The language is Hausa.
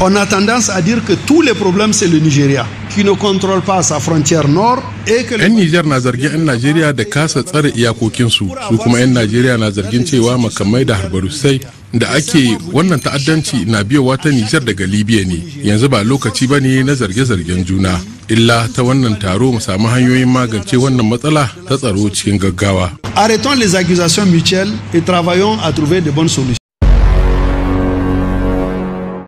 On a tendance à dire que tous les problèmes, c'est le Nigeria, qui ne contrôle pas sa frontière nord 'Yan Nijar na zargin 'yan Najeriya da kasa tsare iyakokinsu, su kuma 'yan Najeriya na zargin cewa makamai da sai da ake wannan ta'addanci na biyowa ta Nijar daga Libya ne, yanzu ba lokaci ba ne na zarge-zargen juna. Illa ta wannan taro mu samu hanyoyin magance wannan matsala ta tsaro cikin gaggawa. Arrêtons les accusations mutuelles et travaillons à trouver de bonnes solutions.